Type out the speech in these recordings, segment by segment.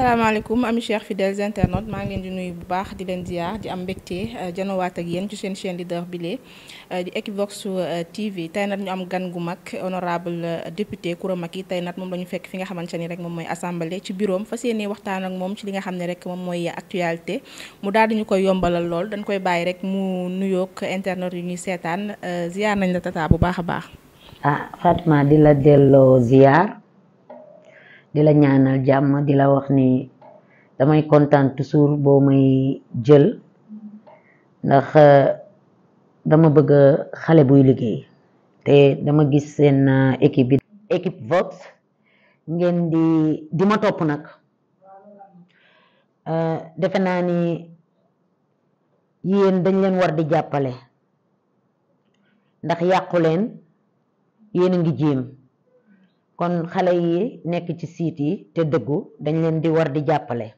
asalaamaaleykum ami chers fidèles internautes maa ngeen di nuyu bu baax di leen ziar di am mbégte euh, janowaat ak yéen ci seen chaîne leader bile euh, di Equivox euh, TV tey nag ñu am gan gu mag honorable député Coura Macky tey nag moom la ñu fekk fi nga xamante ni rek moom mooy assemblée ci bureau am fas yéene waxtaan ak moom ci li nga xam ne rek moom mooy actualité mu daal di ñu koy yombalal lool dañ koy bàyyi rek mu nuyoog internet yu ñuy seetaan ziar nañ la tata bu baax a baax. ah Fatma di la delloo ziar. di la ñaanal jàmm di la wax ni damay kontaan toujours boo may jël ndax eh, dama bëgg xale buy liggéey te dama gis seen eh, équipe bi équipe Vox ngeen di di ma topp nag eh, defe naa ni yéen dañ leen war di jàppale ndax yàqu leen yéen a ngi jéem kon xale yi nekk ci siit yi te dëggu dañ leen di war di jàppale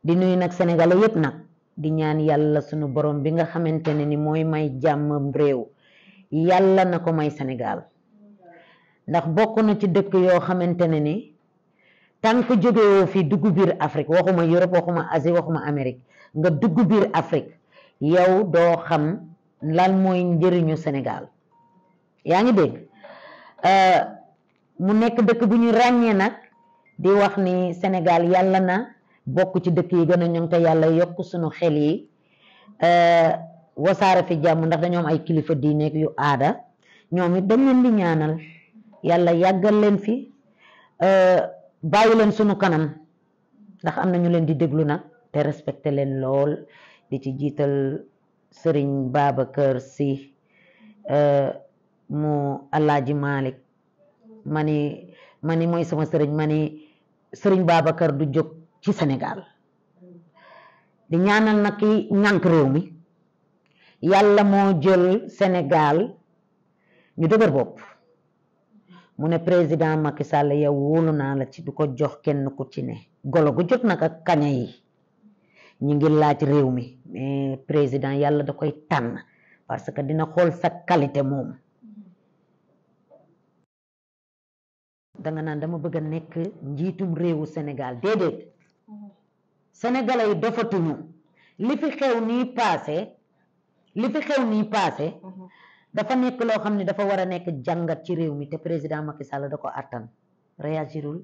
di nuyu nag sénégalais yépp nag di ñaan yàlla sunu borom bi nga xamante ne ni mooy may jàmmam réew yàlla na ko may Sénégal ndax bokk na ci dëkk yoo xamante ne ni tànk jógewoo fi dugg biir Afrique waxuma Europe waxuma Asie waxuma Amérique nga dugg biir Afrique yow doo xam lan mooy njëriñu Sénégal yaa ngi dégg euh, mu nekk dëkk bu ñu ràññee nag di wax ni senegaal yàlla na bokk ci dëkk yi gën a ñoŋ te yàlla yokk sunu xel yi euh, wasaare fi jàmm ndax dañoo ay kilifa diine yu aada ñoom it dañ leen di ñaanal yàlla yàggal leen fi euh, bàyyi leen sunu kanam ndax am na ñu leen di déglu nag te respecté leen lool di ci jiital sëriñ kër Si mu Alaaji Malik ma ni ma ni mooy sama sëriñ ma ni sëriñ Babacar du jóg ci senegal di ñaanal nag ki ñànk réew mi yàlla moo jël senegal ñu dëgër bopp mu ne président Macky Sall yow wóolu naa la ci du ko jox kenn ku ci ne golo gu jot nag ak kaña yi ñu ngi laaj réew mi mais président yàlla da koy tànn parce que dina xool sa qualité moom danga naan dama bëgg a nekk njiitum réewu Sénégal déedéet sénégalais yi dofatuñu li fi xew nii paase li fi xew nii paase dafa nekk loo xam ne dafa war a nekk jàngat ci réew mi te président Macky Sall da ko attan réagirul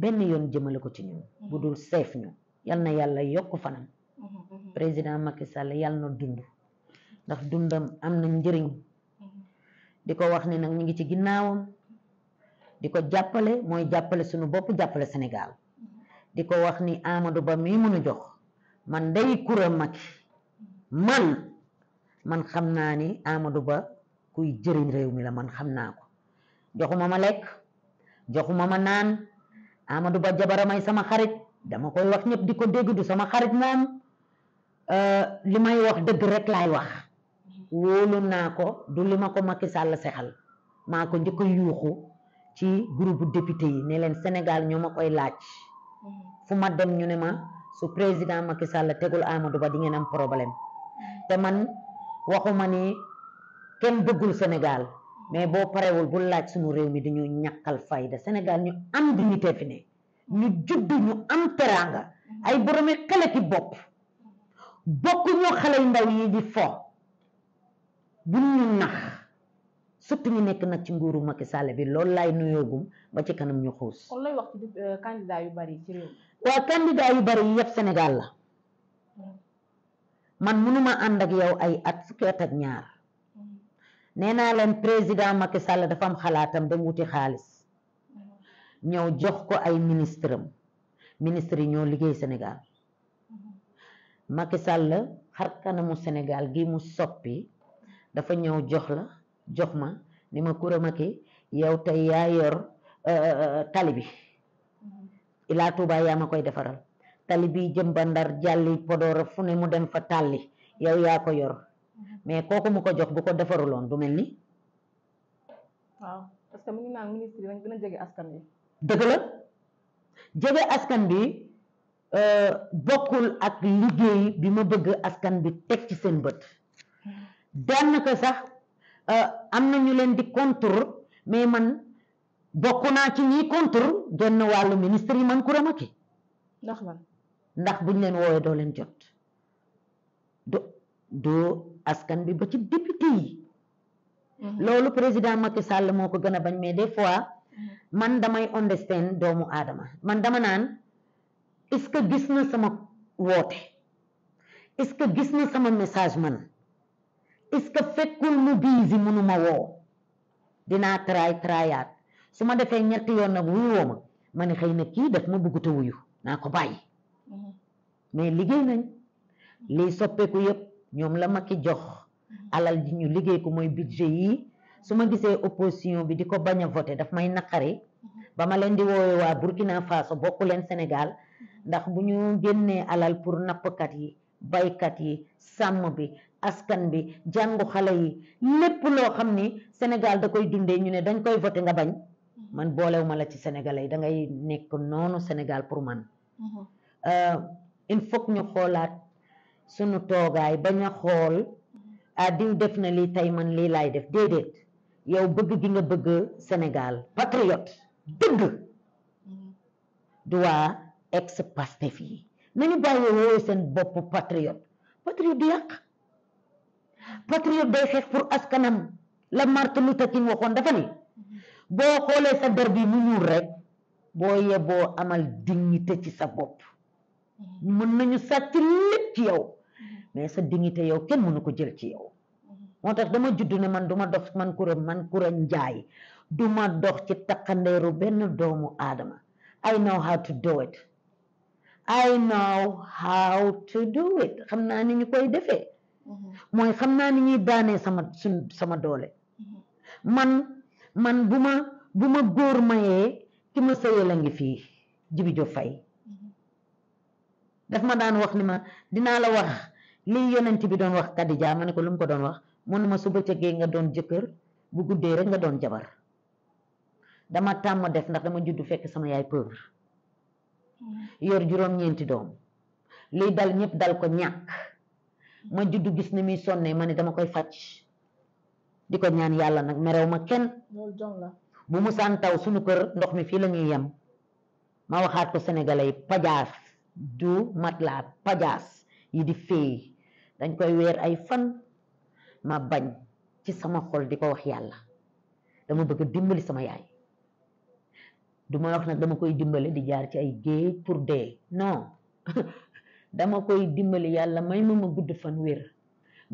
benn yoon jëmale ko ci ñun bu dul seef ñu yal na yàlla yokk fanam président Macky Sall yal na dund ndax dundam am na njëriñ di ko wax ne nag ñu ngi ci ginnaawam di ko jàppale mooy jàppale suñu bopp jàppale senegal di ko wax ni Amadou Ba mii mënu jox man day kura Macky man man xam naa ni Amadou Ba kuy jëriñ réew mi la man xam naa ko joxuma ma lekk joxuma ma naan Amadou Ba jabaramay sama xarit dama koy wax ñëpp di ko dégg du sama xarit moom euh, li may wax dëgg rek laay wax wóolu naa ko du li ma ko Macky Sall sexal maa ko njëkk yuuxu ci groupe député yi ne leen Sénégal ñoo ma koy laaj mm-hmm. fu ma dem ñu ne ma su président Macky Sall tegul Amadou Ba di ngeen am problème mm-hmm. te man waxuma ni kenn bëggul Sénégal mais boo parewul bu laaj suñu réew mi dañu ñàkkal fayda Sénégal ñu am dignité fi ne ñu judd ñu am teraanga mm-hmm. ay boromi xale ki bokk ñoo xale yu ndaw yi di fo bu ñu nax surtout ñu nekk nag ci nguuru Macky Sall bi loolu laay nuyoogum ba ci kanam ñu xuus. kon looy euh, yu bari ci réew waaw candidat la mm. man mënuma ànd ak yow ay at fukki at ak ñaar mm. nee naa leen président Macky Sall dafa am xalaatam dem wuti xaalis mm. ñëw jox ko ay ministre am ministre yi ñoo liggéey senegaal mm-hmm. Macky Sall xar kanamu Sénégal gi mu soppi dafa ñëw jox la. jox ma ni ma Coura Macky yow tey yaa yor euh, euh, euh, tali bi mm-hmm. ilaa Touba yaa ma koy defaral tali bi jëm ba Ndar jàlli Podor fu ne mu dem fa tàlli yow yaa ko yor mm-hmm. mais kooku mu ko jox bu ko defaruloon du mel ni. waaw parce que mu ngi naan ministre yi jege askan bi. dëgg jege askan bi bokkul ak liggéey bi ma bëgg askan bi teg ci seen bët mm-hmm. daanaka sax. Euh, am na ñu leen di contre mais man bokk naa ci ñi contre genn wàllu ministre yi man Coura ki ndax man ndax buñ leen woowee doo leen jot du doo askan bi ba ci député yi mhm. loolu président Macky Sall moo ko gën a bañ mais de fois mhm. man damay understand doomu aadama man dama naan est-ce que gis na sama woote est-ce que gis na sama message man est-ce que fekkul mu biisi munuma woo dinaa try tryaat su ma defee ñetti yoon nag wuyoo ma ma ne xëy na kii daf ma bëggut a wuyu naa ko bàyyi mm-hmm. mais liggéey nañ liy soppeeku yëpp ñoom la ma ki jox mm-hmm. alal ji ñu liggéey ko mooy budget yi su ma gisee opposition bi di ko bañ a voté daf may naqari mm-hmm. ba ma leen di woowee waa Burkina Faso bokk leen senegal ndax bu ñu génnee alal pour nappkat yi baykat yi sàmm bi askan bi jàngu xale yi lépp loo xam ni Sénégal da koy dundee ñu ne dañ koy voté nga bañ mm-hmm. man boolewuma la ci sénégalais da ngay nekk noonu Sénégal pour man mm-hmm. euh, il faut ñu xoolaat sunu toogaay bañ xool mm-hmm. ah diw def na lii tey man lii laay def déedéet yow bëgg gi nga bëgg Sénégal patriote dëgg du waa ex Pastef fii nañu bàyyi wooyu seen bopp patriote patriote du yàq patriote day xeex pour askanam la Martin Luther King waxoon dafa ni boo xoolee sa der bi mu ñuul rek boo yeboo amal dignité ci sa bopp mën nañu sàcc lépp ci yow mais sa dignité yow kenn mënu ko jël ci yow moo tax dama judd ne man duma dox man kura man kure njaay duma dox ci takkandeeru benn doomu aadama I know how to do it I know how to do it xam naa ni ñu koy defee mooy xam naa ni ñuy daanee sama suñ sama doole man man bu ma bu ma góor mayee ki ma sëyal a ngi fii Jibi Fay daf ma daan wax ni ma dinaa la wax lii yonent bi doon wax Kadija ma ne ko lu mu ko doon wax mënu ma su bëccëgee nga doon jëkkër bu guddee rek nga doon jabar dama tàmm def ndax dama juddu fekk sama yaay pauvre mm-hmm. yor juróom-ñeenti doom liy dal ñëpp dal ko ñàkk ma juddu gis ni muy sonnee ma ne dama koy faj di ko ñaan yàlla nag merew ma kenn bu mu saan taw suñu kër ndox mi fii la ñuy yem ma waxaat ko sénégalais yi pajaas du matelas pajaas yi di féey dañ koy weer ay fan ma bañ ci sama xol di ko wax yàlla dama bëgg dimbali sama yaay duma ma wax nag dama koy dimbale di jaar ci ay géej pour dee non dama koy dimbali yàlla may ma ma gudd fan wér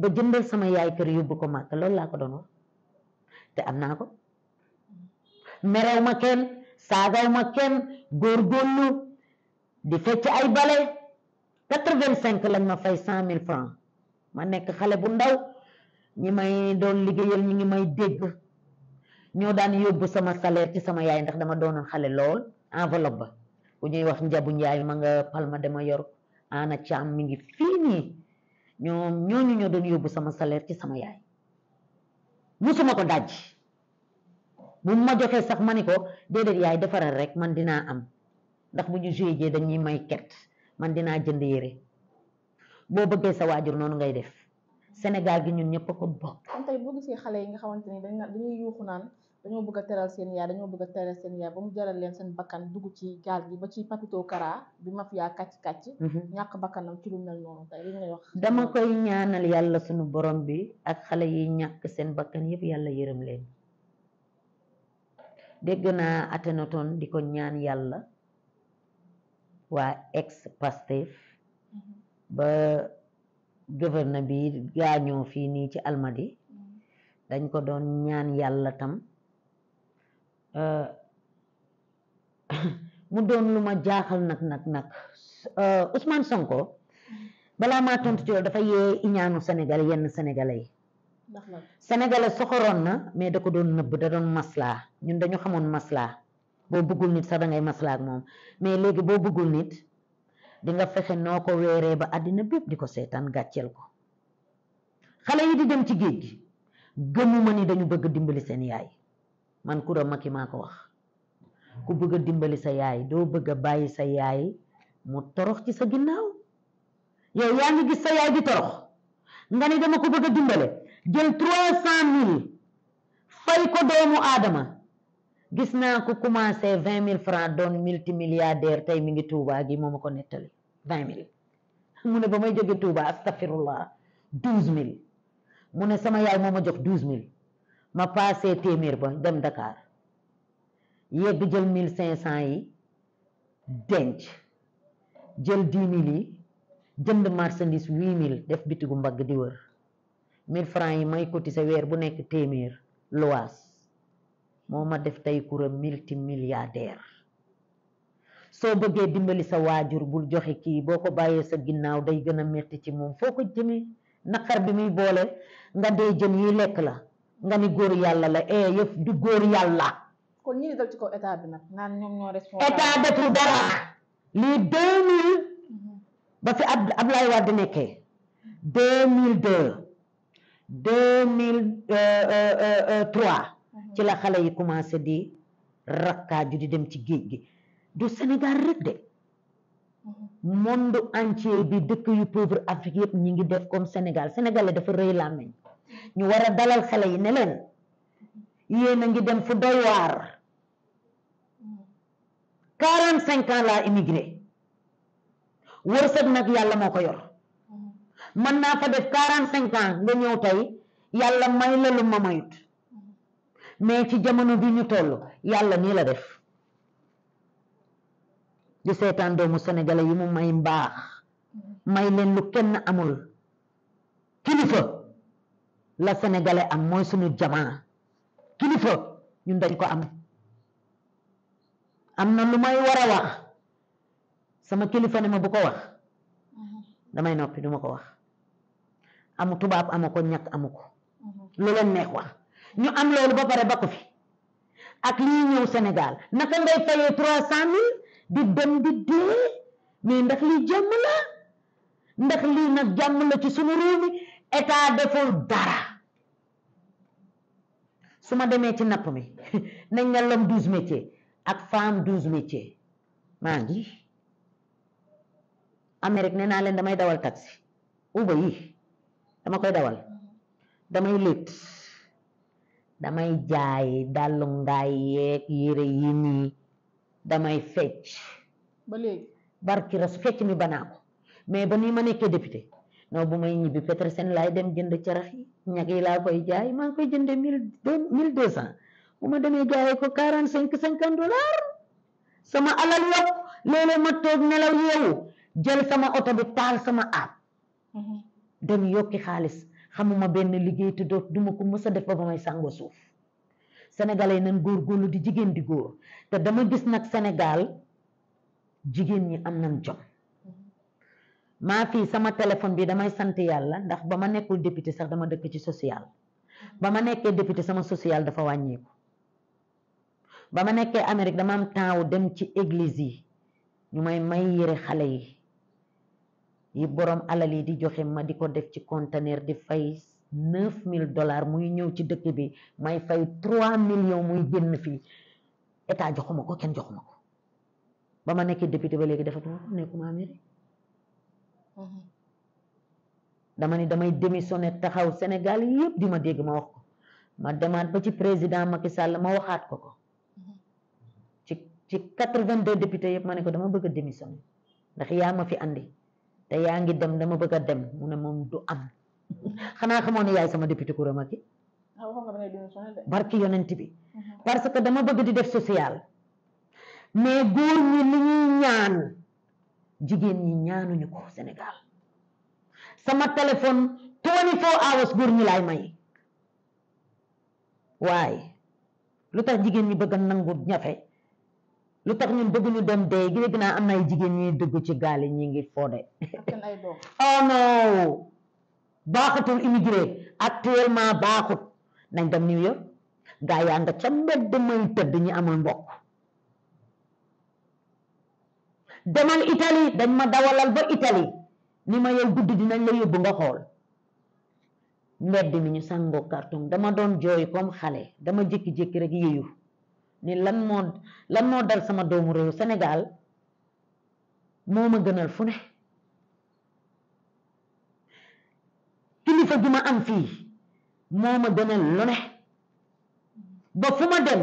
ba jëndal sama yaay kër yóbbu ko màkk loolu laa ko doon te am naa ko merew ma kenn saagaw ma kenn góorgóorlu di fecc ay bale quatre-vingt-cinq lañ ma fay cent mille ma nekk xale bu ndaw ñi may doon liggéeyal ñi ngi may dégg ñoo daan yóbbu sama salaire ci sama yaay ndax dama doonoon xale lool enveloppe ba ku ñuy wax njabu njaay ma nga palma dama yor ana caam mi ngi fii nii ñoom ñooñu ñoo doon yóbbu sama salaire ci sama yaay musuma ko daj bu ma joxee sax ma ni ko déedéet yaay defaral rek man dinaa am ndax bu ñu joué jee dañuy may ket man dinaa jënd yére boo bëggee sa waajur noonu ngay def Sénégal gi ñun ñëpp ko bokk. kon tey boo gisee xale yi nga xamante ni dañuy yuuxu naan. dañoo bëgg a teral seen yaay dañoo bëgg a ba mu jaral leen seen bakkan dugg ci gaal gi ba ci papito kara bi mafia kàcc kàcc. Mhm. ñàkk bakkanam ci lu mel noonu tey li ngay dama koy ñaanal yàlla sunu borom bi ak xale yi ñàkk seen bakkan yëpp yàlla yërëm leen. dégg naa Akhenaton di ko ñaan yàlla waa ex Pastef mhm. ba gouverneur bi gaañoo fii nii ci Almadi mhm. dañ ko doon ñaan yàlla tam. Euh, mu doon lu ma jaaxal nag nag nag euh, Ousmane Sonko balaa maa tontu ci loolu dafa yee iñaanu Sénégal yenn Sénégalais yi. Sénégalais soxoroon na mais da ko doon nëbb da doon maslaa ñun dañu xamoon maslaa boo bëggul nit sax da maslaa ak moom mais léegi boo bëggul nit di nga fexe noo ko weeree ba àddina bépp di ko seetaan gàcceel ko xale yi di dem ci géej gi gëmuma ni dañu bëgg dimbali seen yaay. man ma Macky maa ko wax ku bëgg a dimbali sa yaay doo bëgg a bàyyi sa yaay mu torox ci sa ginnaaw yow yaa ngi gis sa yaay di torox nga ni dama ko bëgg a dimbale jël trois cent mille fay ko doomu aadama gis naa ko commencé vingt mille francs doon multimilliardaire tey mi ngi Touba gi moom a ko nettali vingt mille mu ne ba may jóge Touba astafirullah mu ne sama yaay moom a jox douze mille ma paasee téeméer ba dem Dakar yegg jël mil cinq cent yi denc jël dix yi jënd marchandise huit mil def bitigu mbagg di wër mille francs yi may cotiser weer bu nekk téeméer luwaas moo ma def tey kura multimilliardaire soo bëggee dimbali sa waajur bul joxe kii boo ko bàyyee sa ginnaaw day gën a metti ci moom foo ko jëmee naqar bi muy boole nga dee jën yi lekk la nga ni góor yàlla la eh yëf du góor yàlla. kon ñi dal ci kaw état bi nag naan ñoom ñoo responsable. état lii deux mille ba fi ab Ablaye Wade nekkee deux mille deux deux euh, euh, euh, trois mhm. ci la xale yi commencé di rakkaaju di dem ci géej gi du Sénégal rek de mhm. monde entier bi dëkk yu pauvre Afrique yëpp ñi ngi def comme Sénégal Sénégal la dafa rëy làmmiñ ñu war a dalal xale yi leen yéen ngi dem fu doy quarante cinq ans laa immigré wërsëg nag yàlla moo ko yor man naa fa def quarante cinq ans nga ñëw tey yàlla may la lu ma mayut mais ci jamono bi ñu toll yàlla nii la def di seetaan doomu sénégalais yi mu may mbaax may leen lu kenn amul kilifa la sénégalais am mooy suñu jamaa kilifa ñu dañ ko am am na lu may war a wax sama kilifa ne ma bu ko wax mm-hmm. damay noppi du ma ko wax amu tubaab amu ko ñàkk amu ko mm-hmm. lu leen neex wax ñu am loolu ba pare ba ko fi ak lii ñëw Sénégal naka ngay fayee trois cent di dem di dee mais ndax lii jàmm la ndax lii nag jàmm la ci suma réew mi deful dara su ma demee ci napp mi nañ ne l'homme douze métiers ak femme douze métiers maa ngi Amérique nee naa leen damay dawal taxi Uber yi dama koy dawal damay létt damay jaay dàllu ngaay yeeg yére yi nii damay fecc ba léegi barki ras fecc mi banaa ko mais ba nii ma nekkee député non bu may ñibbi Petersen laay dem jënd carax yi ñag yi laa koy jaay maa ngi koy jënde mille deux mille deux cent bu ma demee jaayee ko quarante cinq cinquante dollar sama alal yokk léeg ma toog nelaw yeewu jël sama oto bi taal sama app mm-hmm. dem yokki xaalis xamuma benn liggéey te doot duma ko mës a def ba may sàngoo suuf sénégalais yi góor góorgóorlu di jigéen di góor te dama gis nag Sénégal jigéen ñi am nañ jom maa fii sama téléphone bi damay sant yàlla ndax ba ma nekkul député sax dama dëkk ci social ba ma nekkee député sama social dafa wàññeeku ba ma nekkee Amérique dama am dem ci église yi ñu may may yére xale yi yi boroom alal yi di joxe ma di ko def ci conteneur di fay neuf mille dollars muy ñëw ci dëkk bi may fay trois millions muy génn fii état joxuma ko kenn joxuma ko ba ma nekkee député ba léegi dafa nekkuma Amérique Mm-hmm. dama ni damay démissionné taxaw Sénégal yëpp di ma dégg ma wax ko ma demaat ba ci président Macky Sall ma waxaat ko ko mm-hmm. ci ci quatre-vingt-deux députés yëpp ma ne ko dama bëgg a démissionné ndax yaa ma fi andi te yaa ngi dem dama bëgg a dem mu ne moom du am mm-hmm. xanaa xamoon ne yaay sama député Coura Macky ah, barki yonent bi parce que dama bëgg di def social mais góor ñi li ñuy ñaan jigéen ñi ñaanuñu ko Sénégal sama téléphone twenty four hours góor ñi laay may waaye lu tax jigéen ñi bëgg a nangu ñafe lu tax ñun bëgg ñu dem dee gi naa am na ay jigéen ñi dugg ci gaali ñi ngi foode oh no baaxatul immigré actuellement baaxut nañ dem New York gaa yaa nga ca mbedd may tëdd ñi amul mbokk demal Italie dañ ma dawalal ba Italie ni ma yow guddi dinañ la yóbbu nga xool mbedd mi ñu sàngoo carton dama doon jooy comme xale dama jékki-jékki rek yéyu ni lan moo lan moo dal sama doomu réew Sénégal moo ma gënal fu ne kilifa gi ma am fii moo ma gënal lu ne ba fu ma dem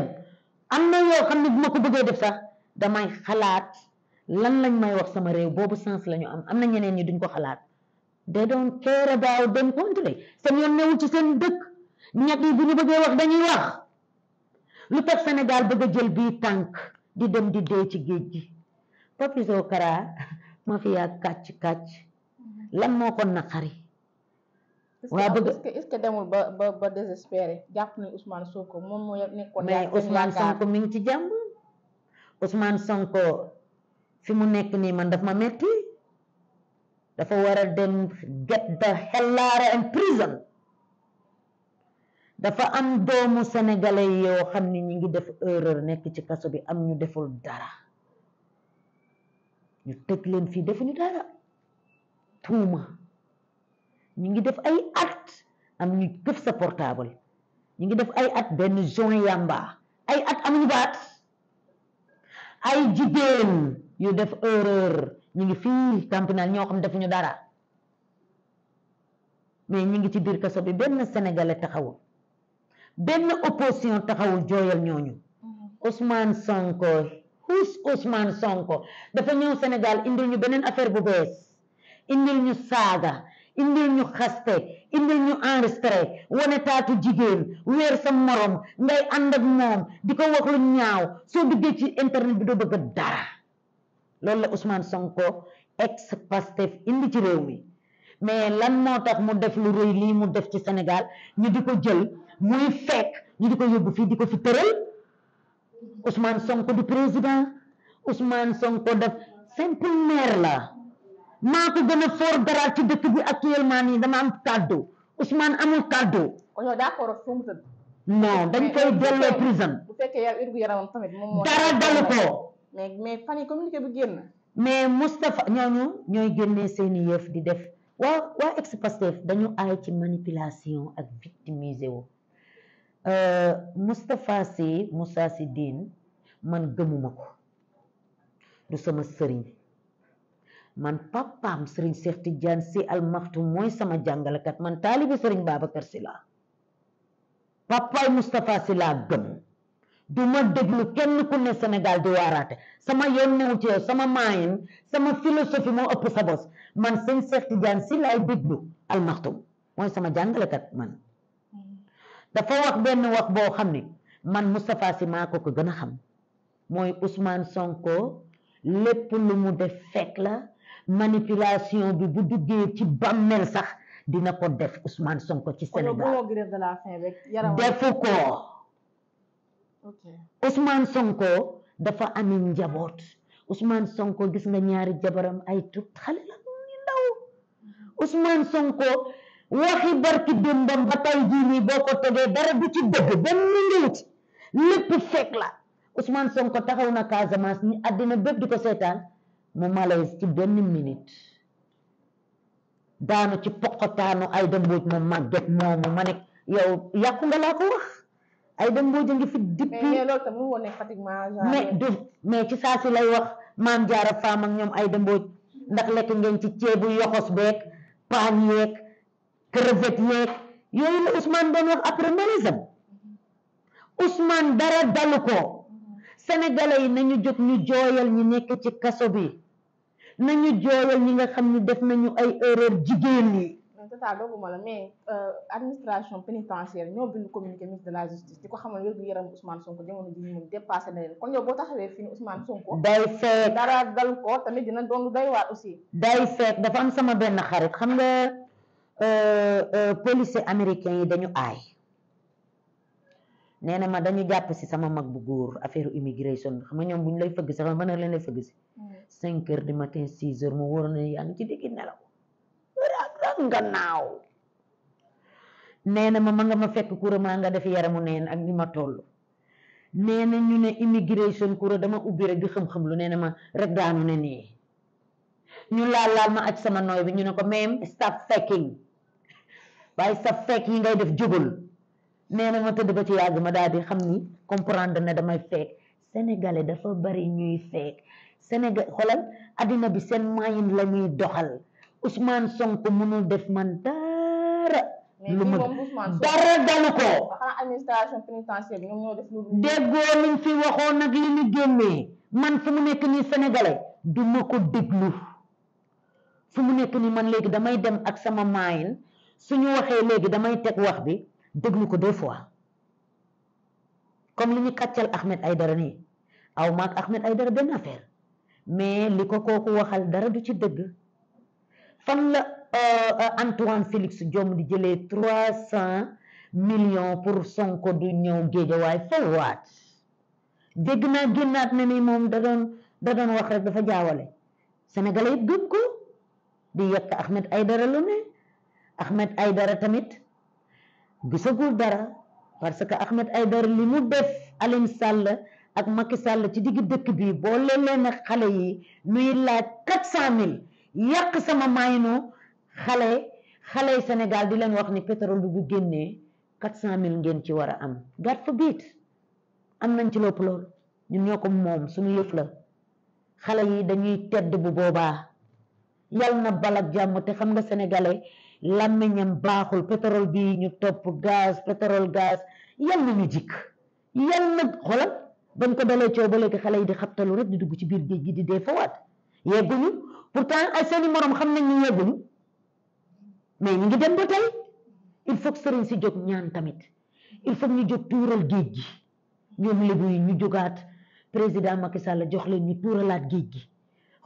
am na yoo xam ne bu ma ko bëggee def sax damay xalaat lan lañ may wax sama réew boobu sens lañu am am na ñeneen ñi duñ ko xalaat they don't care about them country seen yoon newul ci seen dëkk ñett yi bu ñu bëggee wax dañuy wax lu tax Sénégal bëgg a jël bii tànk di dem di dee ci géej gi Papis Okara ma fi kàcc kàcc lan moo ko naqari waa bëgg est-ce que demul moo nekkoon mais Ousmane Sonko mi ngi ci jàmm Ousmane Sonko fi mu nekk nii man daf ma metti dafa war a dem get the hellaara in prison dafa am doomu sénégalais yoo xam ni ñu ngi def erreur nekk ci kaso bi am ñu deful dara ñu tëj leen fii defuñu dara tuuma ñu ngi def ay at am ñu këf sa portable ñu ngi def ay at benn joint yamba ay at amuñu baat ay jigéen yu def erreur ñu ngi fii tribunal ñoo xam daf ñu dara mais ñu ngi ci biir kaso bi benn sénégalais taxawul benn opposition taxawul jooyal ñooñu mm-hmm. Ousmane Sonko who's Ousmane Sonko dafa ñëw Sénégal indil ñu beneen affaire bu bees indil ñu saaga indil ñu xaste indil ñu enregistré wane taatu jigéen weer sa morom ngay ànd moom di ko wax lu ñaaw soo duggee ci internet bi doo bëgg dara loolu la Ousmane Sonko ex Pastef indi ci réew mi mais lan moo tax mu def lu rëy mu def ci Sénégal ñu di ko jël muy fekk ñu di ko yóbbu fii di ko fi tëral Ousmane Sonko di président Ousmane Sonko def simple maire la maa ko gën a fort dara ci dëkk bi actuellement nii dama am kàddu Ousmane amul kàddu. kon oh, yow d'accord fu mu dañ koy euh, delloo prison. bu fekkee yaram dara dalu ko. mais mais fan yi communiqué bi génn. mais Moustapha ñooñu ñooy génnee seeni yëf di def waa waa ex-Pastef dañu aay ci manipulation ak victimiser wu euh, Moustapha Sy Moussa si Diène man gëmuma ko du sama sëriñ man papaam sëriñ Cheikh Tidiane si Al Maktoum mooy sama jàngalekat man taalibe sëriñ Babacar Sy laa papaay Moustapha Sy laa gëm du ma déglu kenn ku ne Sénégal di waaraate sama yoon sama maayin sama philosophie moo ëpp sa bos man sëñ Cheikh Tidiane si laay déglu almaxtum mooy sama jàngalekat man dafa wax benn wax boo xam ni man Moustapha Sy maa ko ko gën a xam mooy Ousmane Sonko lépp lu mu def fekk la manipulation bi bu duggee ci bàmmeel sax dina ko def Ousmane Sonko ci Sénégal defu ko Ousmane Sonko dafa ami njaboot Ousmane Sonko gis nga ñaari jabaram ay tut xale la ñu ndaw mm-hmm. Ousmane Sonko waxi barki dëmbam ba tey jii nii boo ko tegee dara du ci dëgg benn ngiwut lépp fekk la Ousmane Sonko taxaw na Casamance ni àddina bépp di ko seetaan mu malaise ci benn minute daanu ci poqotaanu ay dëmbuuj mu màgget moomu ma ne yow yàqu nga laa ko wax ay dem boo jëngi fi depuis mais du mais ci saa si lay wax maam jaar faam ak ñoom ay dem ndax lekk ngeen ci ceebu yoxos beeg paan yeeg crevette yeeg yooyu la Ousmane doon wax après marisam Ousmane dara dalu ko sénégalais yi nañu jóg ñu jooyal ñi nekk ci kaso bi nañu jooyal ñi nga xam ni def nañu ay erreur jigéen yi tata dogguma la mais euh, administration pénitentiaire ñoo bind communiqué ministre de la justice di ko xamal wér gu yaram Ousmane Sonko jamono ji moom dépassé na leen kon yow boo taxawee fii ni Ousmane Sonko. day feet dara dal ko tamit dina doon doy waar aussi. day feet dafa am sama benn xarit xam nga euh, euh, policier américain yi dañu aay nee na ma dañu jàpp si sama mag bu góor affaire immigration xam nga ñoom bu ñu lay fëgg si xam nga mën na leen lay fëgg si. 5 mm. heures du matin 6 heures mu wóor yaa ngi ci digg nelaw. nga naaw na ma ma nga ma fekk kura maa nga def yaramu neen ak ni ma toll nee na ñu ne immigration kura dama ubbi rek di xam-xam lu nee na ma rek daanu ne nii ñu laal laal ma aj sama nooy bi ñu ne ko même stop faking waaye stop fake yi ngay def jógal nee ma tëdd ba ci yàgg ma daal di xam ni comprendre ne damay fekk sénégalais dafa bari ñuy fekk sénégal xoolal addina bi seen moyen la doxal Ousmane Sonko mënul def man dara. ma dara dalu ko. administration lu. déggoo fi waxoon nag li ñu génnee man fu mu nekk nii sénégalais du ma ko déglu fu mu nekk nii man léegi damay dem ak sama maayin suñu waxee léegi damay teg wax bi déglu ko deux fois comme li ñu kàccal Ahmed Aïdara nii aw maag Ahmed Aïdara benn affaire mais li ko kooku waxal dara du ci dëgg. fan la euh, euh, Antoine Félix Diome di jëlee trois cent millions pour Sonko du ñëw géejawaay forward dégg naa génnaat na ni moom da doon wax rek dafa jaawale sénégalais yëpp gëm ko di yekk ay Aydara lu ne ay Aydara tamit gisagul dara parce que Ahmed Aydara li mu def Alioune Sall ak Macky sàll ci digg dëkk bi boo leen leen xale yi nuy laaj quatre cent mille yàq sama maayino xale xale yi senegal di leen wax ni pétrole bi bu génnee quatre cent mille ngeen ci war a am gat fa biit am nañ ci lopp lool ñun ñoo ko moom suñu yëf la xale yi dañuy tedd bu boobaa yal na balak jàmm te xam nga sénégalais làmmiñam baaxul pétrole bi ñu topp gaz pétrole gaz yal na ñu jikk yal na xoolal bañ ko dalee coow ba léegi xale yi di xabtalu rek di dugg ci biir géej gi di dee fawaat yegguñu pourtant ay seeni morom xam nañ ñu yegguñu mais ñu ngi dem ba tey il faut que si jóg ñaan tamit il faut ñu jóg tuural géej gi ñoom lébu yi ñu jógaat président Macky Sall jox leen ñu tuuralaat géej gi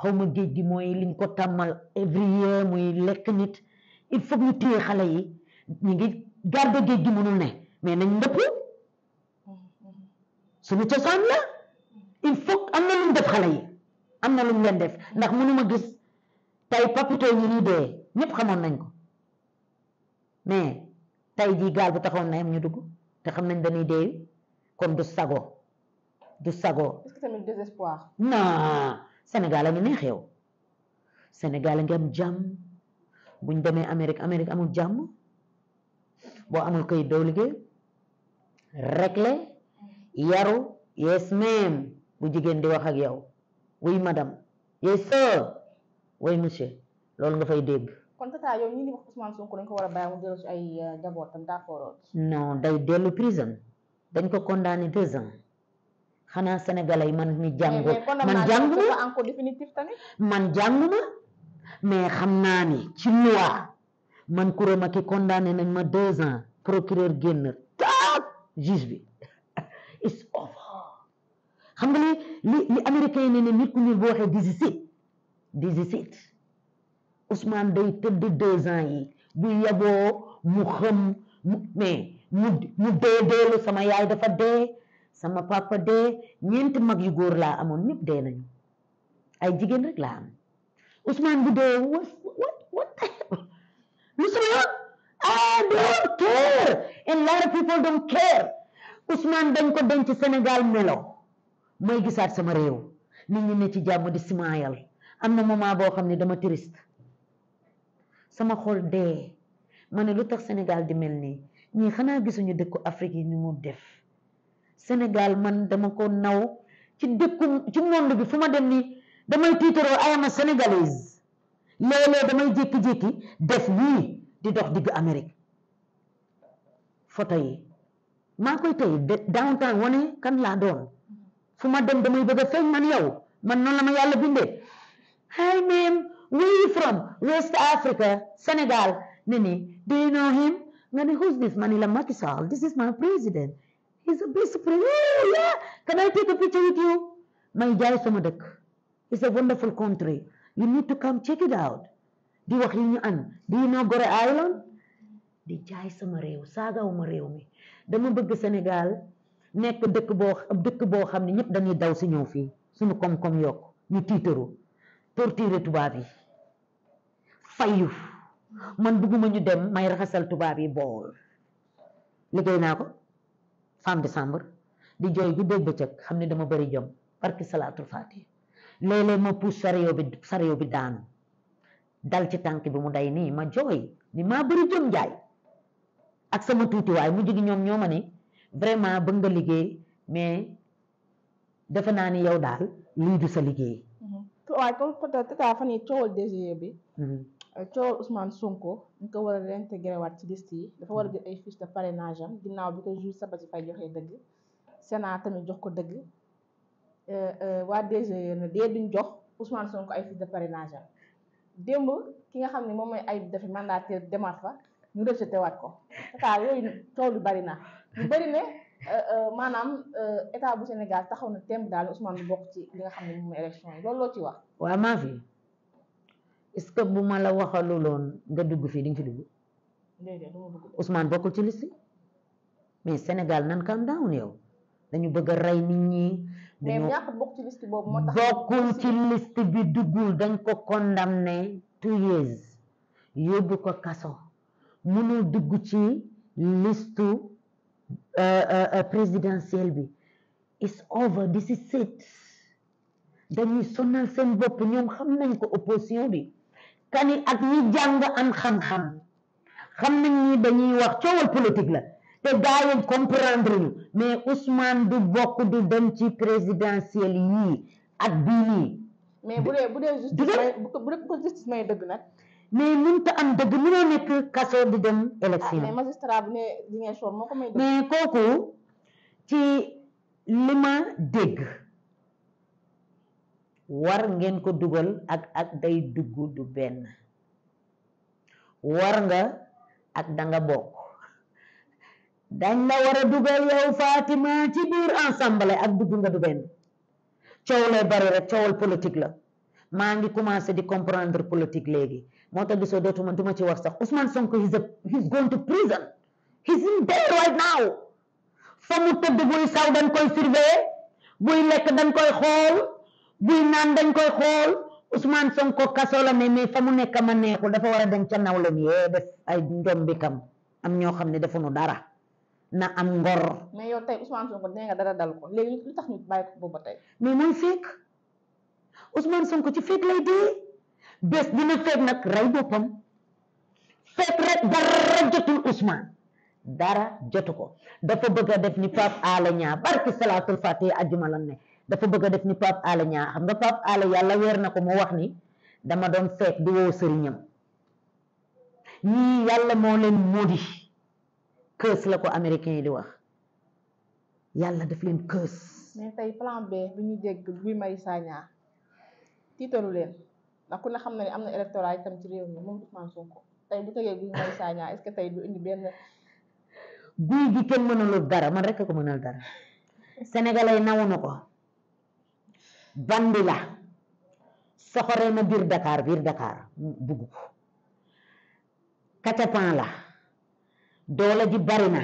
xaw ma géej gi mooy liñ ko tàmmal every year muy lekk nit il faut ñu téye xale yi ñu ngi garde géej gi mënul ne mais nañ ndëpp suñu cosaan la il faut am na lu def xale yi am na lu mu def ndax mënuma gis tey papito yi nii dee ñëpp xamoon nañ ko mais tey jii gaal bu taxawoon na ñu dugg te xam nañ dañuy deeyu kon du sago du sago. est-ce que tamit désespoir. non Sénégal a ngi neex yow Sénégal a ngi am jàmm buñ demee Amérique amerig amul jàmm boo amul kayit doo liggéey réglé yaru yes même bu jigéen di wax ak yow. oui madame yes sir oui monsieur loolu nga fay dégg. kon tata dañ ko war a bàyyi mu dellu si ay euh, njabootam non day dellu prison dañ ko condamné deux ans xanaa sénégalais yi man mi jàngu man jàngu mais xam naa ni ci loi man Coura Macky condamné nañ ma deux ans procureur génn taab juge bi xam nga li li li américain yi ne ne nit ku ñuul boo waxee dix-huit day tëdd deux ans yi bu yaboo mu xam mu mais mu mu dee deelu sama yaay dafa dee sama papa dee ñeenti mag yu góor laa amoon ñëpp dee nañu ay jigéen rek laa am Ousmane bu dee wa wa lu sama yoon ah don't care and lot people don't care Ousmane dañ ko denc Sénégal melo mooy gisaat sama réew ni ñi ne ci jàmm di simaayal am na moment boo xam ne dama triste sama xol dee ma ne lu tax Sénégal di mel nii ñii xanaa gisuñu dëkku Afrique yi ñu mu def senegal man dama ko naw ci dëkku ci monde bi fu ma dem nii damay tiitaroo I am a Sénégalaise léeg damay jékki-jékki def lii di dox digg Amérique photo yi maa koy tey downtown wane kan laa doon fu ma dem damay bëgg a feeñ man yow man noonu yàlla bindee hi ma'am from West Africa Sénégal ne do you know him nga ne who's this ma ne la Macky this is my president he's the best president yeah can a picture with you may jaay sama dëkk it's a wonderful country you need to come check out di wax yi ñu an do you know Gorée Island di jaay sama réew saagawuma réew mi dama bëgg Sénégal nekk dëkk boo dëkk boo xam ne ñëpp dañuy daw si ñëw fii suñu koom-koom yokk ñu tiitaru torture tubaab yi fayu man bëgguma ñu dem may raxasal tubaab yi bool liggéey naa ko femme décembre di jooy guddee bëccëg xam ne dama bari jom barki salaatul faatih léeg-léeg ma puus sareyo bi sareyo bi daanu dal ci tànk bi mu day nii ma jooy ni maa bari jom njaay ak sama tuutiwaay mu jigi ñoom ñoo ma ne vraiment bëgg nga liggéey mais defe naa ni yow daal lii du sa liggéey. Mhm. waaye comme peut-être taa fan yii coowal DG bi. Mhm. Euh, coowal ñu ko war a réintégré waat ci liste yi dafa war a jël ay fiche de parrainage ginnaaw bi ko juge Sabassy fay joxee dëgg Sénat tamit jox ko dëgg euh, euh, waa DG na dee duñ jox Ousmane Sonko ay fiche de parrainage am démb ki nga xam ne moom mooy ay dafi mandataire demat fa ñu rejeté waat ko taa yooyu coow lu bari ñu bëri ne euh, euh, euh, bu Sénégal taxaw na temb daal Ousmane du ci li loolu loo ci wax. waaw maa fi est-ce bu ma la waxaluloon nga dugg fii fi dugg. déedéet dama dugg Ousmane bokkul ci liste mais Sénégal nan dañu bëgg a rey nit ñi. mais ci liste bi duggul dañ ko condamné two years yóbbu ko kaso mënul dugg ci listu. présidentielle bi it's over this is it dañuy sonal seen bopp ñoom xam nañ ko opposition bi kani ak ñi jàng am xam-xam xam nañ ni dañuy wax coowal politique la te gaa yi comprendre ñu mais Ousmane du bokk du dem ci présidentielle yii ak bii nii. mais bu dee bu dee justice may bu dee dëgg nag. mais mënut a am dëgg mënoo nekk kaso di dem élection ah, mais magistrat bi ne Ziguinchor moo ko may mais kooku ci li ma dégg war ngeen ko dugal ak ak day dugg du benn war nga ak danga bokk dañ la war a dugal yow Fatima ci biir ensemble ak dugg nga du benn coow lay bari rek coowal politique la maa ngi commencé di comprendre politique léegi moo tax gisoo dootuma duma ci wax sax Ousmane Sonko he's a he's going to prison he's in there right now fa mu tëdd buy saw dañ koy surveiller buy lekk dañ koy xool buy naan dañ koy xool Ousmane Sonko kaso la ne mais fa mu nekk ma neexul dafa war a dem ca nawlem yee def ay ndombikam am ñoo xam ne defuñu dara na am ngor. mais yow tey Ousmane Sonko nee nga dara dal ko léegi lu tax ñu bàyyi ko booba mais mooy fekk Ousmane Sonko ci fekk lay dee. bés bi mu fekk nag rey boppam fekk rek dara jotul Ousmane dara jotu ko dafa bëgg a def ni Pape Alé Niang barki salaatul fatiha ajjuma la ne dafa bëgg def ni Pape Alé Niang xam nga Pape Alé yàlla weer na ko mu wax ni dama doon fekk di woo sëriñam ñii yàlla moo leen moodi kës la ko américain yi di wax yàlla def leen kës mais tey plan B bi ñu dégg Guy Marius Sagna tiitalu leen ndax ku ne xam na ne am na électorat itam ci réew mi moom Ousmane Sonko tey bu tegee Guy Marius Sagna est-ce que tey indi benn. guy gi kenn mënalul dara man rek ko mënal dara sénégalais nawu na ko bandi la soxore na biir Dakar biir Dakar dugg ko kacapan la doole ji bari na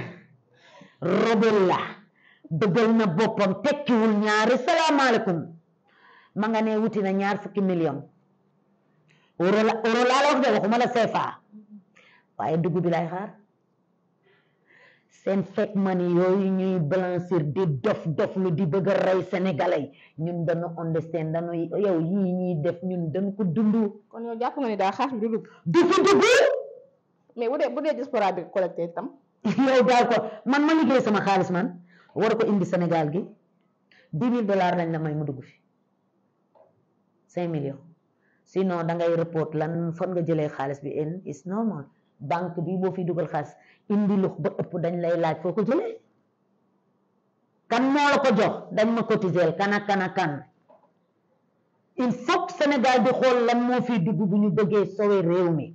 robel la dëggal na boppam tekkiwul ñaari salaamaaleykum ma nga ne wuti ñaar fukki million euro waaye dugub bi lay xaar seen fake money yooyu ñuy blanchir di dof dof lu di bëgg a rey sénégalais ñun dañu understand dañu yow yii ñuy def ñun dañu ko dundu kon yow jàpp nga ni daa xaar dugub du fi dugg mais bu dee bu dee diaspora bi collecté itam yow daal ko man ma liggéey sama xaalis man war ko indi Sénégal gi dix mille dollars lañ la may mu dugg fi cinq millions sinon da ngay report lan fan nga jëlee xaalis bi en is normal banque bi boo fi dugal xaalis indi lux ba ëpp dañ lay laaj foo ko jëlee kan moo la ko jox dañ ma cotiser kan ak kan ak kan il faut que di xool lan moo fi dugg bu ñu bëggee sowe réew mi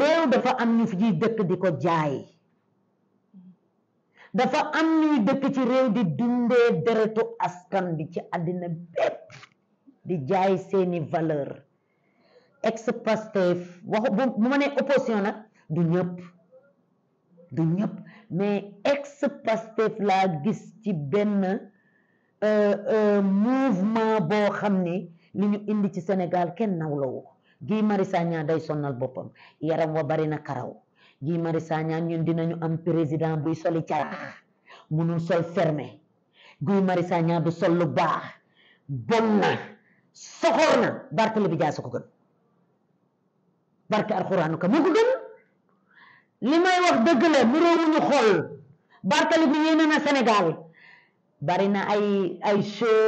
réew dafa am ñu fi dëkk di ko jaay dafa am ñuy dëkk ci réew di dundee deretu askan bi ci àddina bépp di jaay seeni valeur ex Pastef waxu bu ma nee opposition nag du ñëpp du ñëpp mais ex Pastef laa gis ci benn euh, euh, mouvement boo xam ni li ñu indi ci Sénégal kenn nawlawu gi Marius Sagna day sonnal boppam yaram wa bari na karaw Guy Marius Sagna ñun dinañu am président buy soli caraax munul sol fermé Guy Marius Sagna du sol lu baax bon na soxor na Barthélémy Dias su ko gën barke alxuraanu ka moo ko gën li may wax dëgg la mu réewuñu xool bi yéene na Sénégal bari na ay ay show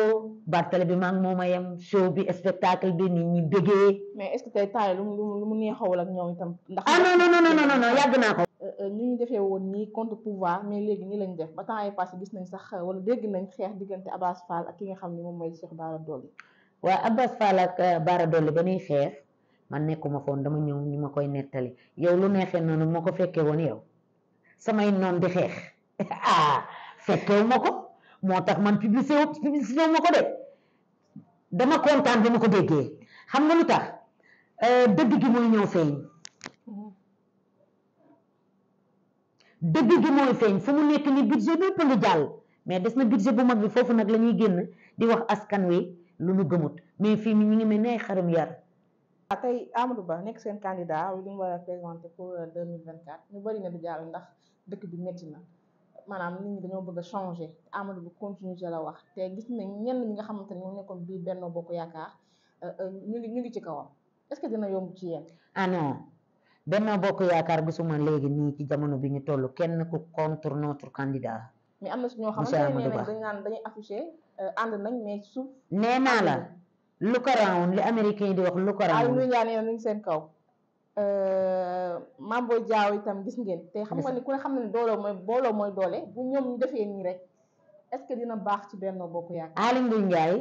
Barthélémy maa ngi moom a yem show bi spectacle bi nit ñi bëggee. mais est-ce que tey taay lu mu neexawul ak ñoom itam. ndax ah non non non yàgg naa ko. ñu euh, euh, ñu defee woon nii contre pouvoir mais léegi nii lañ def ba temps yi passé gis nañ sax wala dégg nañ xeex diggante Abass Fall ak ki nga xam ne moom mooy Cheikh Bara Dolly. waa Abbas Fall ak eh, Bara Dolly ba nuy xeex man nekkuma foon dama ñëw ñu ma koy nettali yow lu neexee noonu moo ko fekkee woon yow samay noon di xeex ah ma ko moo tax man publicité wu ko de dama kontaan ba ma ko déggee xam nga lu tax eh, dëgg gi mooy ñëw feeñ dëgg gi mooy feeñ fu mu nekk ni budget bépp lu jàll mais des na budget bu mag bi foofu nag la génn di wax askan wi lu nu gëmut mais fii mi ñu ngi mel ni ay xaram yar waaw ah, tey Amadou Ba nekk seen candidat li mu war a présenté pour 2024 euh, ñu bëri na du jàll ndax dëkk bi métti na maanaam nit ñi dañoo bëgg a changé Amadou Ba continue ci la wax te gis nañ ñenn ñi nga xamante ne ñoom nekkoon biir Benno Bokk Yaakaar euh, euh, ñu ngi ñu ngi ci kawam est-ce que dina yomb ci yéen ah non Benno Bokk Yaakaar gisuma léegi nii ci jamono bi ñu toll kenn ku contre notre candidat mais am na su ñoo xamante ne dañ Euh, ànd nañ mais suuf. nee naa la lu ko rawoon li américain yi di wax lu ko rawoon. ay ñaan yoon ñu ngi seen kaw. Euh, maam booy jaaw itam gis ngeen. te xam nga ni ku ne xam ne dooloo mooy booloo mooy doole bu ñoom defee nii rek est-ce que dina baax ci Benno Bokk Yaakaar. Aly Ngouille Ndiaye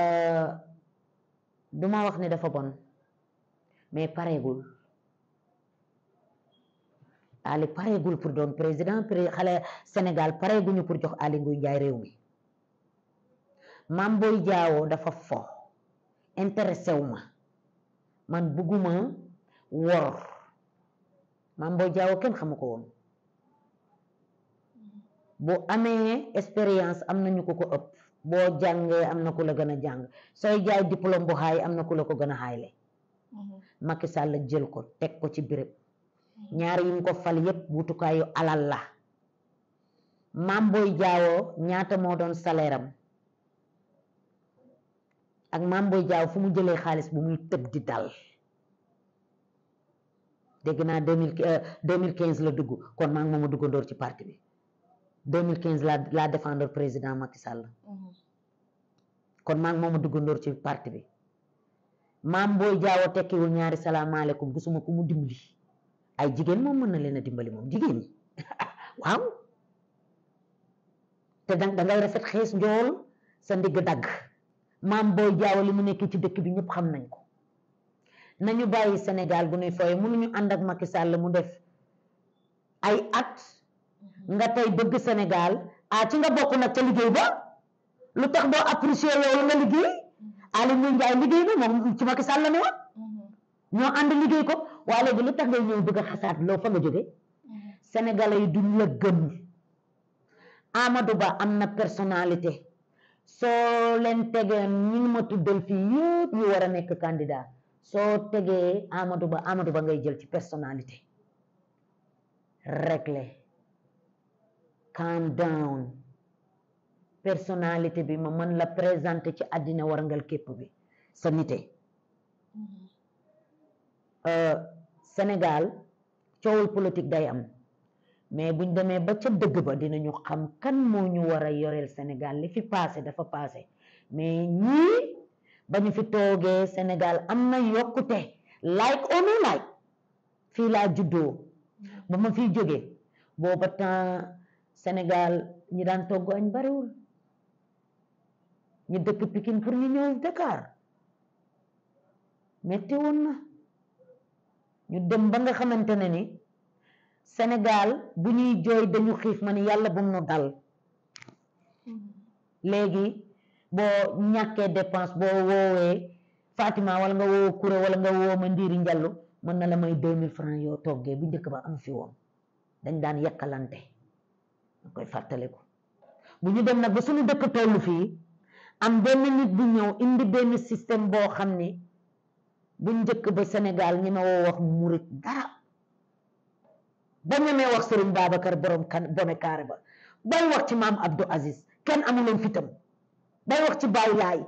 euh, du ma wax ni dafa bon mais pareegul. Ali pareegul pour doon président xale Sénégal pareeguñu pour jox Ali Nguy Njaay réew mi maam booy jaawoo dafa fo intéressé wu ma man bugguma wor maam booy Diao kenn xamu ko woon bu amee expérience am nañu ko ko ëpp boo jàngee am na ku la gën a jàng sooy jaay diplôme bu xaay am na ku la ko gën a xaayle mm-hmm. Macky Sall jël ko teg ko ci béréb ñaar yim ko fal yépp wutukaayu alal la maam booy jaawoo ñaata moo doon salaire ak maam booy jaaw fu mu jëlee xaalis bu muy tëb di dal dégg naa deux mille euh, deux la dugg kon maa ngi moom a duggandoor ci parti bi deux mille la la défendre président Macky Sall mm-hmm. kon maa ngi ci parti bi maam booy jaawoo tekkiwul ñaari salaamaaleykum gisuma ku mu dimbali ay jigéen moom mën na leen a dimbali moom jigéen waaw te da dangay rafet xees njool sa ndigg dagg maam booy jaawa li mu nekk ci dëkk bi ñépp xam nañ ko nañu bàyyi Sénégal bu nuy fooye mënuñu ànd ak Macky Sall mu def ay at nga tey bëgg Sénégal ah ci nga bokk nag ca liggéey ba lu tax doo apprécier yow nga liggéey Aly Ngouille Ndiaye liggéey na moom ci Macky la ne woon ñoo ànd liggéey ko waaye léegi lu tax ngay ñëw bëgg a xasaat loo fa nga jóge sénégalais yi duñ la gëm Amadou Ba am na personnalité soo leen tegee ñi ma tuddal fii yëpp ñu war a nekk candidat soo tegee Amadou Ba Amadou Ba ngay jël ci personnalité réglé calm down personnalité bi ma mën la présenter ci àddina warangal képp bi sa nite mm-hmm. Euh, Sénégal coowul politique day am mais buñ demee ba ca dëgg ba dinañu xam kan moo ñu war a yoreel Sénégal li fi passé dafa paase mais ñii ba ñu fi toogee Sénégal am na yokkute like or no like fii laa juddoo ba ma fi jógee booba temps Sénégal ñi daan togg añ bariwul ñi dëkk Pikine pour ñu ñëw Dakar metti woon na ñu dem ba nga xamante ne ni Sénégal bu ñuy jooy dañu xiif ma ni yàlla bu mu dal mm-hmm. léegi boo ñàkkee dépense boo woowee Fatima wala nga woo Koura wala nga woo ma Ndiiri Njallu mën na la may deux mille francs yoo toggee bu njëkk ba am fi woon dañ daan yekkalante nga koy fàttaliku bu ñu dem nag ba suñu dëkk tollu fii am benn nit bu ñëw indi benn système boo xam ni bu njëkk ba Sénégal ñi ma woo wax murit dara ba ñemee wax sëriñ Babacar borom kan bone kaare ba bay wax ci maam Abdou Aziz kenn amuloon fitam bay wax ci Baay Laay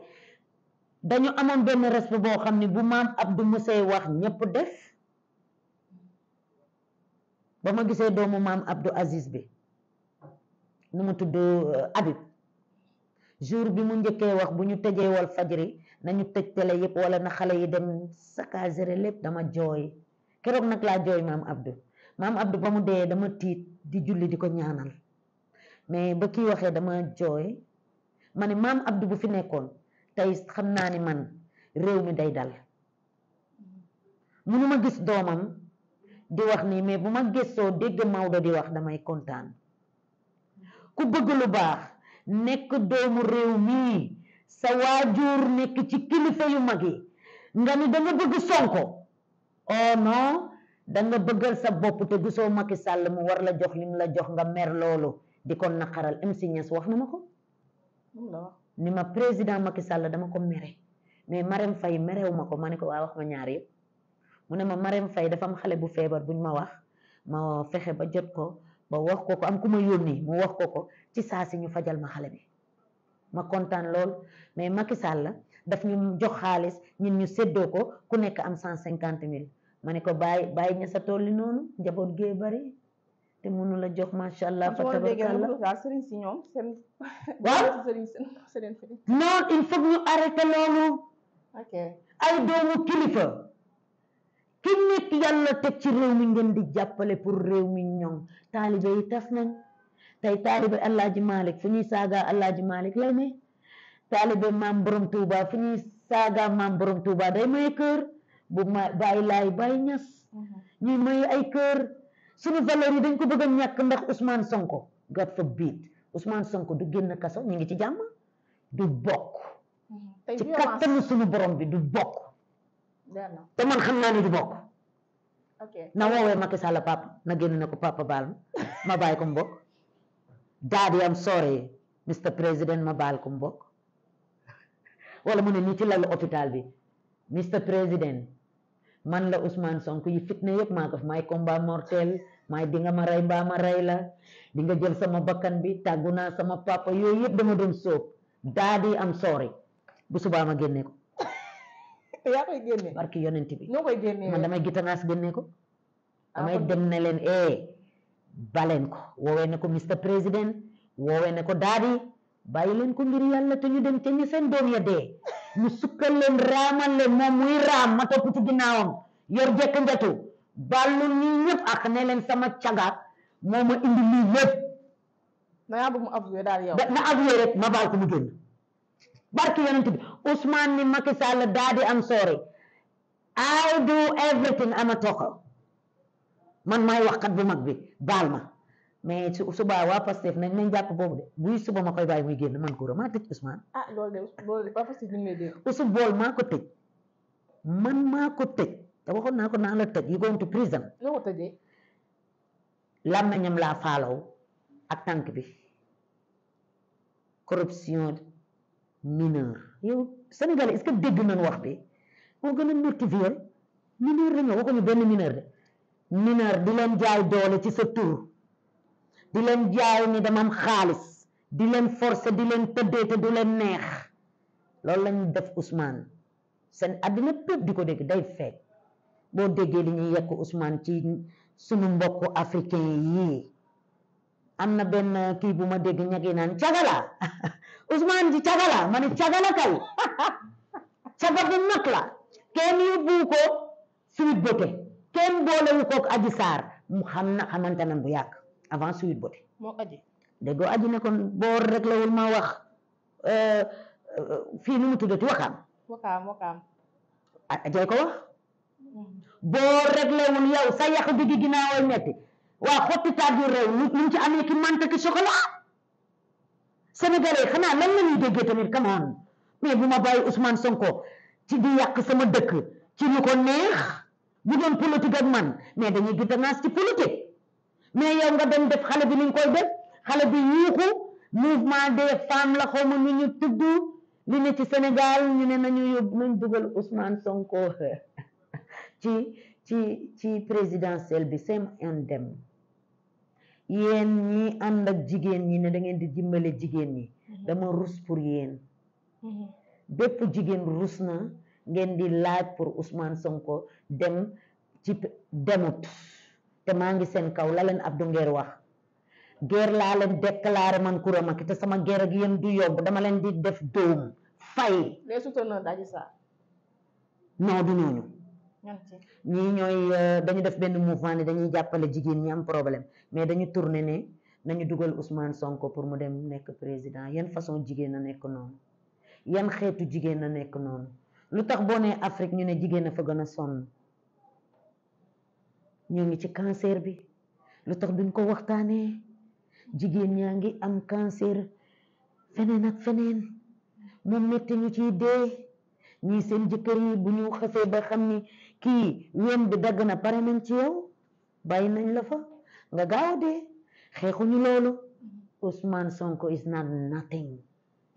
dañu amoon benn respect boo xam ne bu maam Abdou Moussey wax ñépp def ba ma gisee doomu maam Abdou Aziz bi nu ma tudd euh, Habib jour bi mu njëkkee wax bu ñu tëjee wal fajri nañu tëj télé yëpp wala na xale yi dem saccagere lépp dama jooy keroog nag laa jooy maam Abdou maam Abdou ba mu dee dama tiit di julli di ko ñaanal mais ba kii waxee dama jooy ma ne maam Abdou bu fi nekkoon tey xam naa ni man réew mi day dal mënuma gis doomam di wax nii mais bu ma gëstoo dégg Maodo di wax damay kontaan ku bëgg lu baax nekk doomu réew mii sa waajur nekk ci kilifa yu mag yi nga ni da nga bëgg sonko oh non da sa bopp te gisoo Macky Sall mu war la jox li mu la jox nga mer loolu di ko naqaral MC Niass wax na ma ko ni ma président Macky Sall dama ko mere mais Marème Faye merew ko ma ne ko waa wax ma ñaar yëpp mu ne ma Marème Faye dafa am xale bu feebar buñ ma wax ma fexe ba jot ko ba wax ko ko am ku ma yónni mu wax ko ko ci saa si ñu fajal ma xale bi ma kontaan lool mais ma Sall la daf ñu jox xaalis ñun ñu séddoo ko ku nekk am cent cinquante mille ma ne ko bàyyi bàyyi ña sa tool li noonu njaboot gee bari te mënu la jox macha allah. fa tabarakallah sëriñ si ñoom seen. waaw non il faut ñu arrêté loolu. ay doomu kilifa. ki nekk yàlla teg ci réew mi ngeen di jàppale pour réew mi ñoŋ taalibe yi tas nañ. tey taalibe Alaaji Malick fu ñuy saaga Alaaji Malick lay may taalibe maam borom Touba fu ñuy saaga maam borom Touba day may kër bu ma bàyyi laay bàyyi ñas ñuy may ay kër suñu valeur yi dañ ko bëgg a ñàkk ndax Ousmane Sonko God biit Ousmane Sonko du génn kaso ñu ngi ci jàmm du bokk ci kattanu suñu borom bi du bokk te man xam naa ne du bokk na woowee Macky Sall papa na génn na ko papa baal ma bàyyi ko mu bokk daddy I'm sorry Mr President ma baal ko mbokk wala mu ne nii ci lalu hôpital bi Mr President man la Ousmane Sonko yi fitna yëpp maa ko fi may combat mortel may dinga ma rey mbaa ma rey la dinga jël sama bakkan bi tàggu naa sama papa yooyu yëpp dama doon sóob daddy am sorry bu subaa ma génne ko. yaa koy génne bi. man damay gitanaas génne ko. Ah, damay dem ne leen eh. baleen ko woowee ne ko mister président woowee ko daadi bàyyi leen ko ngir yàlla te ñu dem te ñu seen doom ya dee ñu sukkal leen raamal leen moom muy raam ma topp ci ginnaawam yor jekk njatu bàllu ñi ñëpp ak ne sama cagaat moo ma indi lii lépp na yaa bëgg mu avoué daal yow na avoué rek ma baal ko mu génn barki yonent bi Ousmane ni Macky Sall daa am soore I do everything ama toqa man maay waxkat bu mag bi baal ma mais su subaa waa Pastef nañ nañ jàpp boobu de buy suba ma koy bàyyi muy génn man ko maa tëj Ousmane. ah loolu de loolu de waa Bool maa ko tëj man maa ko tëj te waxoon naa ko naa la tëj you going to prison. ko tëjee. lam nañam laa faalaw ak tànk bi corruption mineur yow Sénégal est-ce que dégg nañ wax bi moo gën a métti viol mineur la ñu waxuñu benn mineur de. mineur di leen jaay doole ci sa tur di leen jaay ni dama xaalis di leen force di leen tëddee te du leen neex loolu lañ def Ousmane seen àddina bépp di ko dégg day fekk boo déggee li ñuy yekk Ousmane ci sunu mbokku africain yii am na benn kii bu ma dégg ñagi naan cagala Ousmane ji cagala ma ne cagala kay caga bu mag la kenn yóbbu ko suite bote kenn boolewu kook aji saar mu xam na xamante nan bu yàgg avant Sweet Beauty moo aji déggoo aji ne kon boo rek lawul ma wax euh, euh, fii nu mu tuddati wakaam ajay ko wax mm. boo rek lawul yow sa yàq bi di ginnaawal metti waa xotti taat yu lu mu ci amee ki mante ki chocolat sénégalais xanaa la ñuy déggee tamit come mais bu ma bàyyi Ousmane Sonko ci di yàq sama dëkk ci lu ko neex bu doon politique ak man mais dañuy gittanaas ci politique mais yow nga dem def xale bi ni nga koy def xale bi yuuxu mouvement des femmes la xaw ma nu ñu tudd li ne ci Sénégal ñu ne nañu yóbbu nañ dugal Ousmane Sonko ci ci ci présidentielle bi sem indem yéen ñi ànd ak jigéen ñi ne da ngeen di dimbale jigéen ñi mm-hmm. dama rus pour yéen mm-hmm. bépp jigéen rus na ngeen di laaj pour Ousmane Sonko dem ci demut te maa ngi seen kaw la leen Abdou Nguer wax guerre laa leen déclaré man Coura Macky te sama guerre ak yéen du yomb dama leen di def dóom fay. les souteneurs Adji Sarr. non du ñooñu. ñii ñooy euh, dañu def benn mouvement ne dañuy jàppale jigéen ñi am problème mais dañu tourné ne nañu dugal Ousmane Sonko pour mu dem nekk président yan façon jigéen a nekk noonu yan xeetu jigéen a nekk noonu. lu tax boo nee Afrique ñu ne jigéen a fa gën a sonn ñoo ngi ci cancer bi lu tax duñ ko waxtaanee jigéen ñaa ngi am cancer feneen ak feneen mu metti ñu ciy dee ñii seen jëkkër yi bu ñu xasee ba xam ni kii ween bi dagg na pare nañ ci yow bàyyi nañ la fa nga gaaw a dee xeexuñu loolu mm-hmm. Ousmane Sonko is not nothing.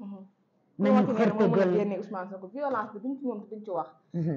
Mm-hmm. nañu xërtëgal violence bi duñ ci moom duñ ci wax mm-hmm.